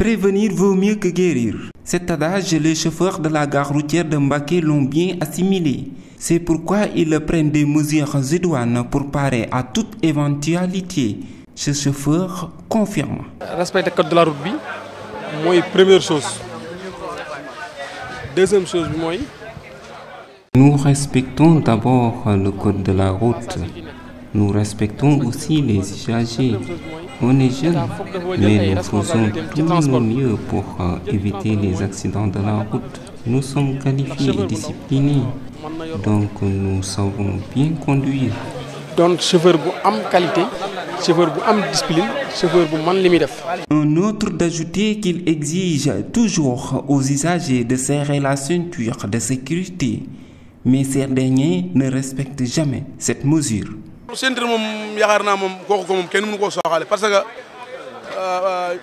Prévenir vaut mieux que guérir. Cet adage, les chauffeurs de la gare routière de Mbake l'ont bien assimilé. C'est pourquoi ils prennent des mesures idoines pour parer à toute éventualité. Ce chauffeur confirme. Respecter le code de la route, c'est la première chose. Deuxième chose, moi. Nous respectons d'abord le code de la route. Nous respectons aussi les usagers. On est jeune, mais nous faisons tout nos mieux pour euh, éviter les accidents de la route. Nous sommes qualifiés et disciplinés, donc euh, nous savons bien conduire. Donc, chauffeur de qualité, chauffeur de discipline, chauffeur de Un autre d'ajouter qu'il exige toujours aux usagers de serrer la ceinture de sécurité, mais ces derniers ne respectent jamais cette mesure. centre moom yaakaar naa moom kooku ko moom kenn mënu koo Euh,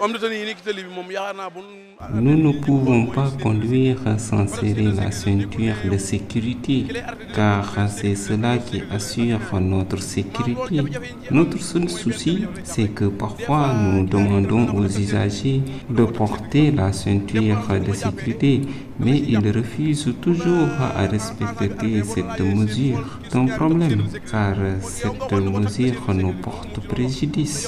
nous ne pouvons pas conduire sans serrer la ceinture de sécurité, car c'est cela qui assure notre sécurité. Notre seul souci, c'est que parfois nous demandons aux usagers de porter la ceinture de sécurité, mais ils refusent toujours à respecter cette mesure. C'est un problème, car cette mesure nous porte préjudice.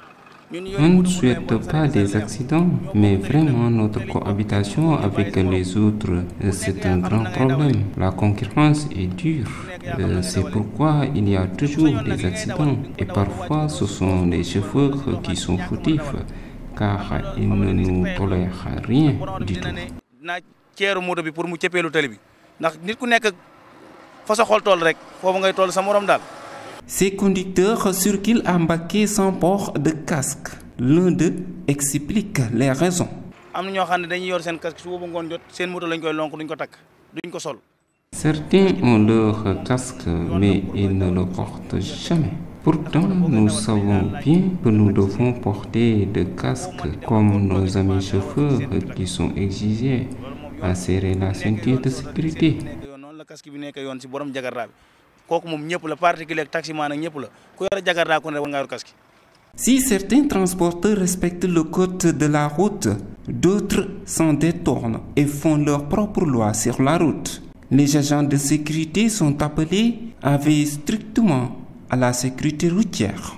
On ne souhaite pas des accidents, mais vraiment notre cohabitation avec les autres, c'est un grand problème. La concurrence est dure. Euh, c'est pourquoi il y a toujours des accidents. Et parfois, ce sont les chauffeurs qui sont fautifs, car ils ne nous tolèrent rien du tout. Ces conducteurs circulent baquet sans port de casque. L'un d'eux explique les raisons. Certains ont leur casque, mais ils ne le portent jamais. Pourtant, nous savons bien que nous devons porter de casques comme nos amis chauffeurs qui sont exigés à serrer la de sécurité. Si certains transporteurs respectent le code de la route, d'autres s'en détournent et font leur propre loi sur la route. Les agents de sécurité sont appelés à veiller strictement à la sécurité routière.